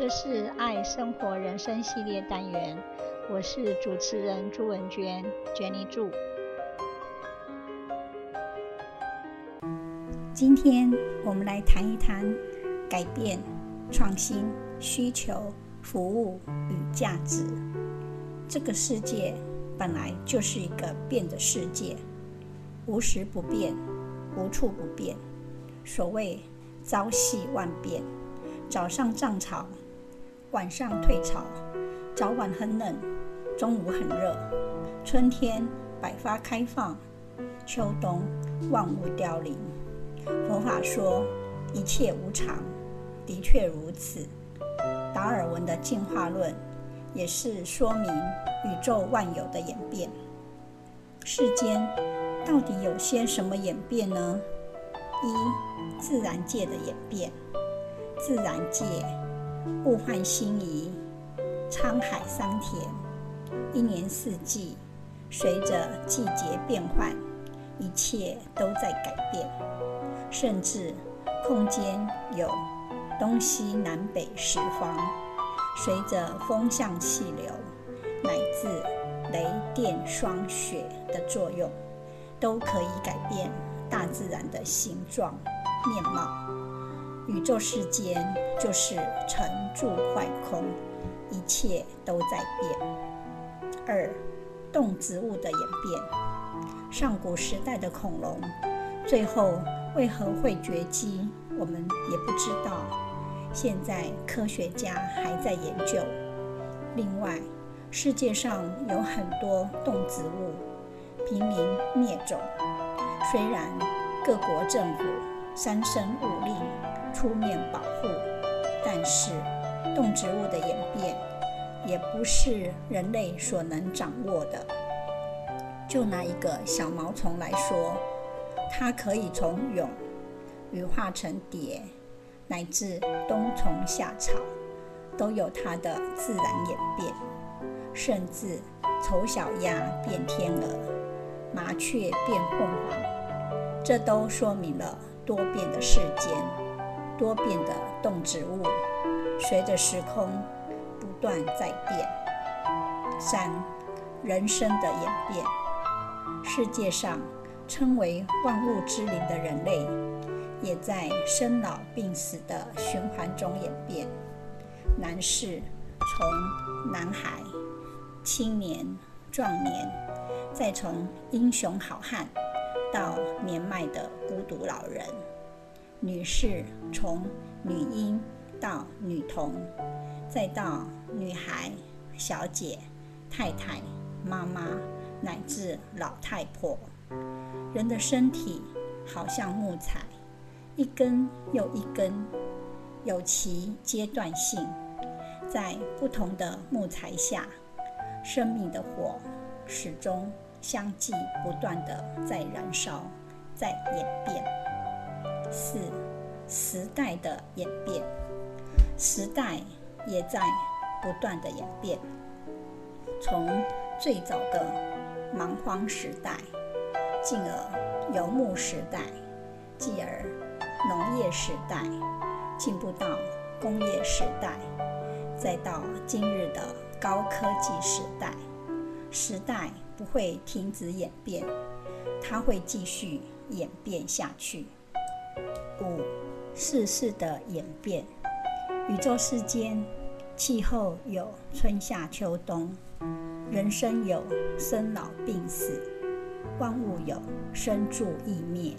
這是愛生活人生系列單元，我是主持人朱文娟、娟妮住。今天我們來談一談改變、創新、需求、服務與價值。這個世界本來就是一個變的世界，無時不變，無處不變。所謂朝夕萬變，早上漲潮。晚上退潮，早晚很冷，中午很熱。春天百花開放，秋冬萬物凋零。佛法說一切無常，的確如此。達爾文的進化論也是說明宇宙萬有的演變。世間到底有些什麼演變呢？一、自然界的演變，自然界。物換星移，滄海桑田，一年四季，隨着季節變換，一切都在改變。甚至空間有東西南北十方，隨着風向氣流，乃至雷電霜雪的作用，都可以改變大自然的形狀面貌。宇宙世間就是成住壞空，一切都在變。二，動植物的演變。上古時代的恐龍，最後為何會絕跡，我們也不知道。現在科學家還在研究。另外，世界上有很多動植物瀕臨滅種，雖然各國政府三申五令。出面保護，但是動植物的演變也不是人類所能掌握的。就拿一個小毛蟲來說，它可以從蛹羽化成蝶，乃至冬蟲夏草，都有它的自然演變。甚至醜小鴨變天鵝，麻雀變鳳凰，這都說明了多變的世間。多變的動植物，隨着時空不斷在變；三、人生的演變。世界上稱為萬物之靈的人類，也在生老病死的循環中演變。男士從男孩、青年、壯年，再從英雄好漢到年邁的孤獨老人。女士從女嬰到女童，再到女孩、小姐、太太、媽媽，乃至老太婆，人的身體好像木柴，一根又一根，有其階段性，在不同的木柴下，生命的火始終相繼不斷地在燃燒，在演變。四、時代的演變，時代也在不斷地演變。從最早的蠻荒時代，進而游牧時代，繼而農業時代，進步到工業時代，再到今日的高科技時代。時代不會停止演變，它會繼續演變下去。五、世事的演變，宇宙世間氣候有春夏秋冬，人生有生老病死，萬物有生住異滅，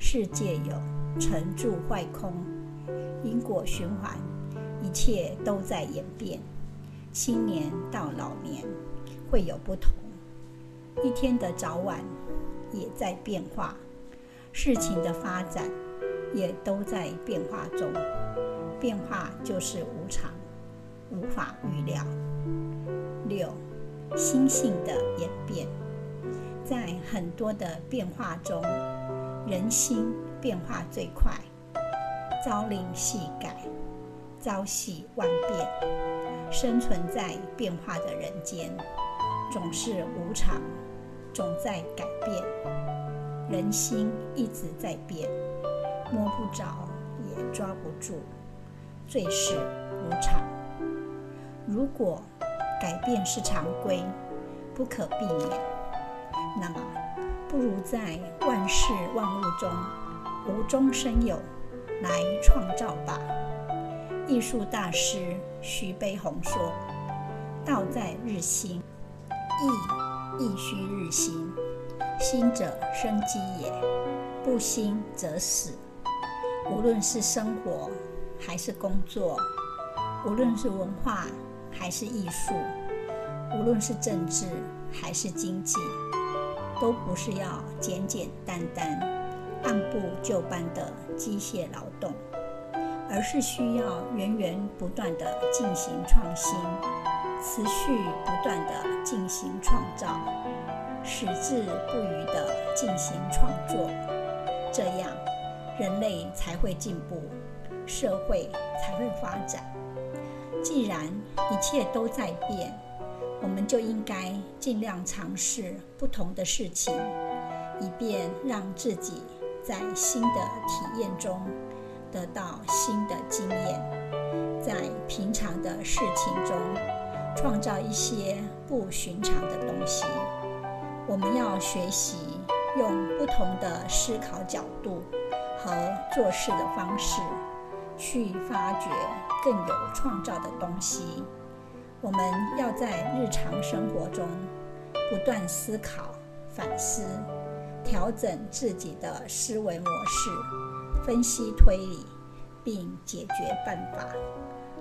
世界有成住壞空，因果循環，一切都在演變。青年到老年，會有不同，一天的早晚，也在變化，事情的發展。也都在變化中，變化就是無常，無法預料。六，心性的演變，在很多的變化中，人心變化最快，朝令夕改，朝夕萬變。生存在變化的人間，總是無常，總在改變，人心一直在變。摸不着，也抓不住，最是無常。如果改變是常規，不可避免，那麼不如在萬事萬物中無中生有，來創造吧。藝術大師徐悲鴻說：“道在日新，藝亦須日新。新者生機也，不新則死。”無論是生活還是工作，無論是文化還是藝術，無論是政治還是經濟，都不是要簡簡單單、按部就班的機械勞動，而是需要源源不斷的進行創新，持續不斷的進行創造，矢志不渝的進行創作，這樣，人類才會進步，社會才會發展。既然一切都在變，我們就應該儘量嘗試不同的事情，以便讓自己在新的體驗中得到新的經驗，在平常的事情中創造一些不尋常的東西。我們要學習用不同的思考角度。和做事的方式，去發掘更有創造的東西。我們要在日常生活中，不斷思考、反思，調整自己的思維模式，分析推理，並解決辦法。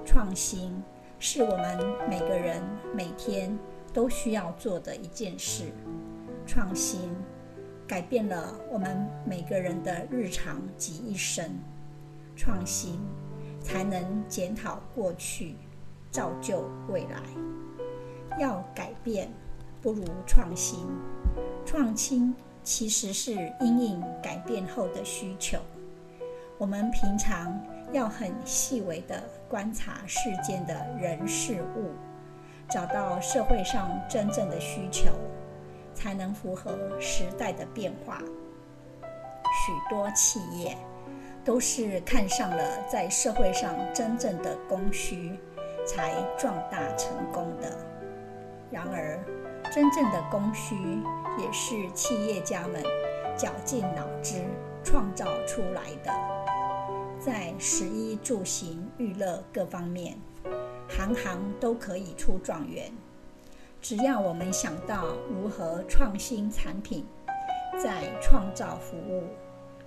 創新是我們每個人每天都需要做的一件事。創新。改變了我們每個人的日常及一生。創新才能檢討過去，造就未來。要改變，不如創新。創新其實是因應改變後的需求。我們平常要很細微的觀察世間的人事物，找到社會上真正的需求。才能符合時代的變化。許多企業都是看上了在社會上真正的供需，才壯大成功的。然而，真正的供需也是企業家們絞盡腦汁，創造出來的。在食衣住行、育樂各方面，行行都可以出狀元。只要我們想到如何創新產品，再創造服務，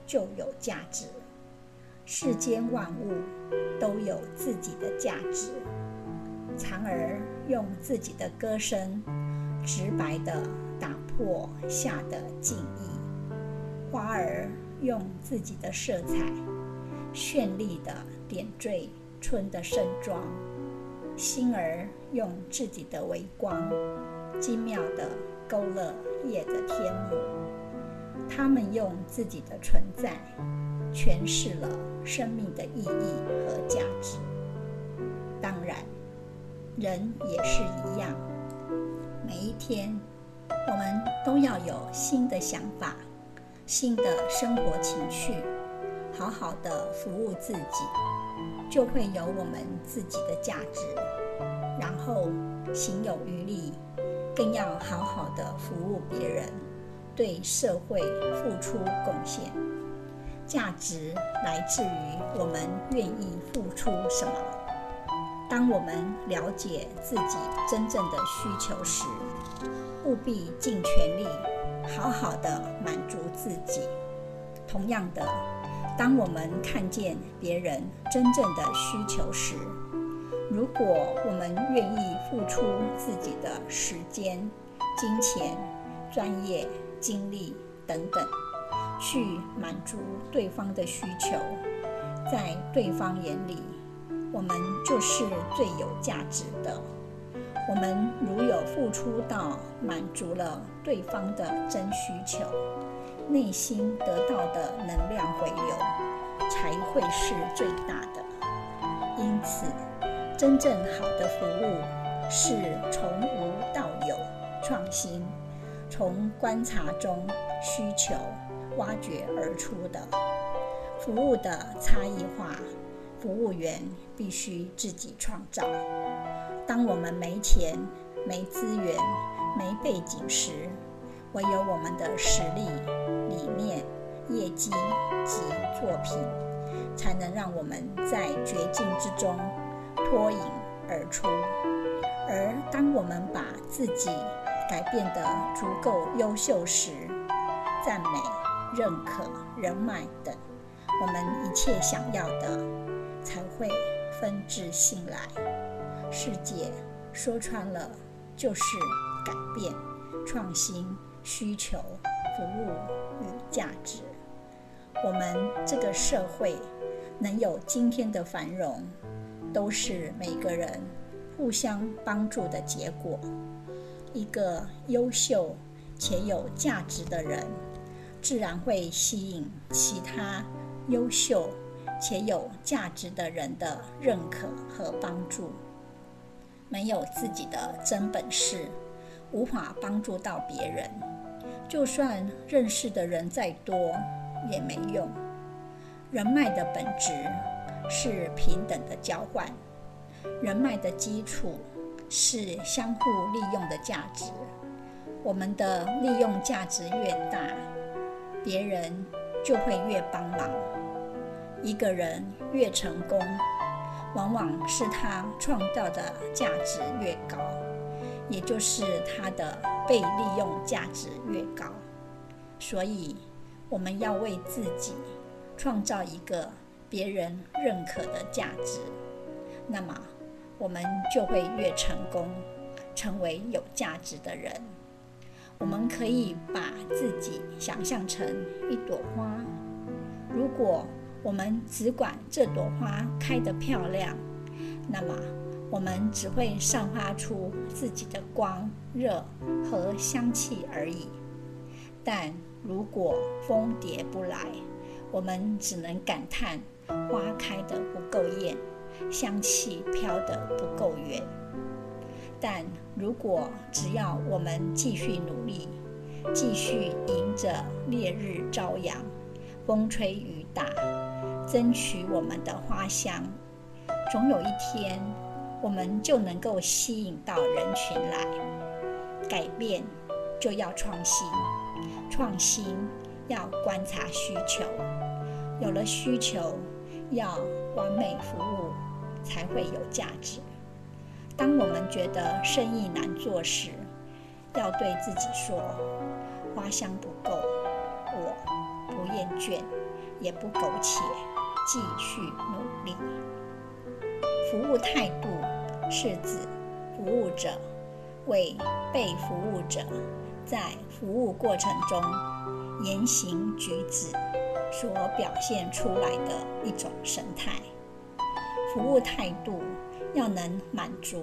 就有價值。世間萬物都有自己的價值。蟬兒用自己的歌聲，直白地打破夏的靜謐，花兒用自己的色彩，絢麗地點綴春的盛裝；星兒。用自己的微光，精妙地勾勒夜的天幕。他們用自己的存在，詮釋了生命的意義和價值。當然，人也是一樣。每一天，我們都要有新的想法，新的生活情趣，好好的服務自己，就會有我們自己的價值。然後，行有餘力，更要好好地服務別人，對社會付出貢獻。價值來自於我們願意付出什麼。當我們了解自己真正的需求時，務必盡全力，好好地滿足自己。同樣的，當我們看見別人真正的需求時，如果我們願意付出自己的時間、金錢、專業、精力等等，去滿足對方的需求，在對方眼裡，我們就是最有價值的。我們如有付出到滿足了對方的真需求，內心得到的能量回流，才會是最大的。因此，真正好的服務是從無到有、創新，從觀察中需求挖掘而出的。服務的差異化，服務員必須自己創造。當我們沒錢、沒資源、沒背景時，唯有我們的實力、理念、業績及作品，才能讓我們在絕境之中。脫穎而出。而當我們把自己改變得足夠優秀時，讚美、認可、人脈等，我們一切想要的，才會紛至沓來。世界說穿了就是改變、創新、需求、服務與價值。我們這個社會能有今天的繁榮。都是每個人互相幫助的結果。一個優秀且有價值的人，自然會吸引其他優秀且有價值的人的認可和幫助。沒有自己的真本事，無法幫助到別人。就算認識的人再多，也沒用。人脈的本質。是平等的交換，人脈的基礎是相互利用的價值。我們的利用價值越大，別人就會越幫忙。一個人越成功，往往是他創造的價值越高，也就是他的被利用價值越高。所以，我們要為自己創造一個。別人認可的價值，那麼我們就會越成功，成為有價值的人。我們可以把自己想象成一朵花。如果我們只管這朵花開得漂亮，那麼我們只會散發出自己的光、熱和香氣而已。但如果蜂蝶不來，我們只能感嘆。花開得不夠艷，香氣飄得不夠遠。但如果只要我們繼續努力，繼續迎着烈日朝陽，風吹雨打，爭取我們的花香，總有一天我們就能夠吸引到人群來。改變就要創新，創新要觀察需求，有了需求。要完美服務，才會有價值。當我們覺得生意難做時，要對自己說：花香不夠，我不厭倦，也不苟且，繼續努力。服務態度是指服務者為被服務者在服務過程中言行舉止所表現出來的一種神態，服務態度要能滿足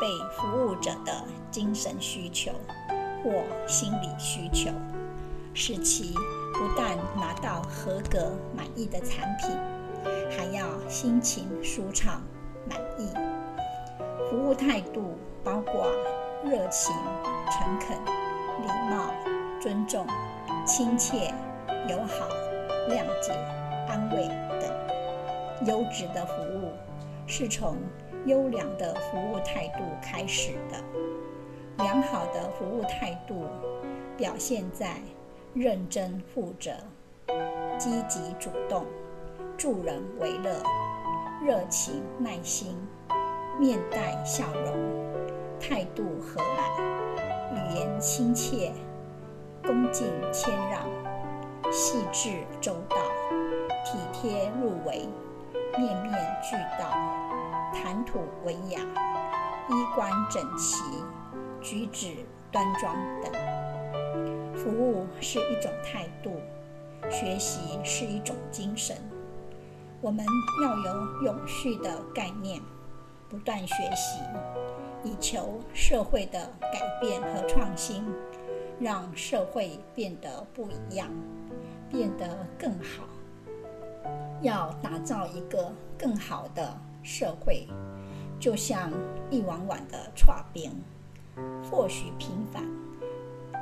被服務者的精神需求或心理需求，使其不但拿到合格滿意的產品，還要心情舒暢滿意。服務態度包括熱情、誠懇、禮貌、尊重、親切、友好。諒解、安慰等優質的服務，是從優良的服務態度開始的。良好的服務態度表現在認真負責、積極主動、助人為樂、熱情耐心、面帶笑容、態度和藹、語言親切、恭敬謙讓。細緻周到、體貼入微、面面俱到、談吐文雅、衣冠整齊、舉止端莊等。服務是一種態度，學習是一種精神。我們要有永續的概念，不斷學習，以求社會的改變和創新，讓社會變得不一樣。變得更好，要打造一個更好的社會，就像一碗碗的炊餅，或許平凡，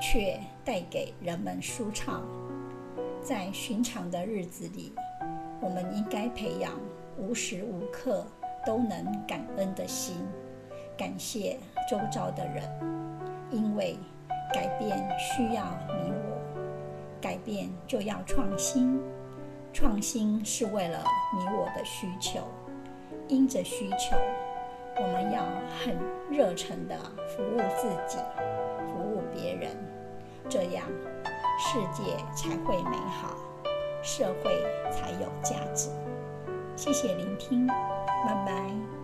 卻帶給人們舒暢。在尋常的日子裡，我們應該培養無時無刻都能感恩的心，感謝周遭的人，因為改變需要你我。改變就要創新，創新是為了你我的需求。因着需求，我們要很熱忱地服務自己，服務別人，這樣世界才會美好，社會才有價值。謝謝聆聽，拜拜。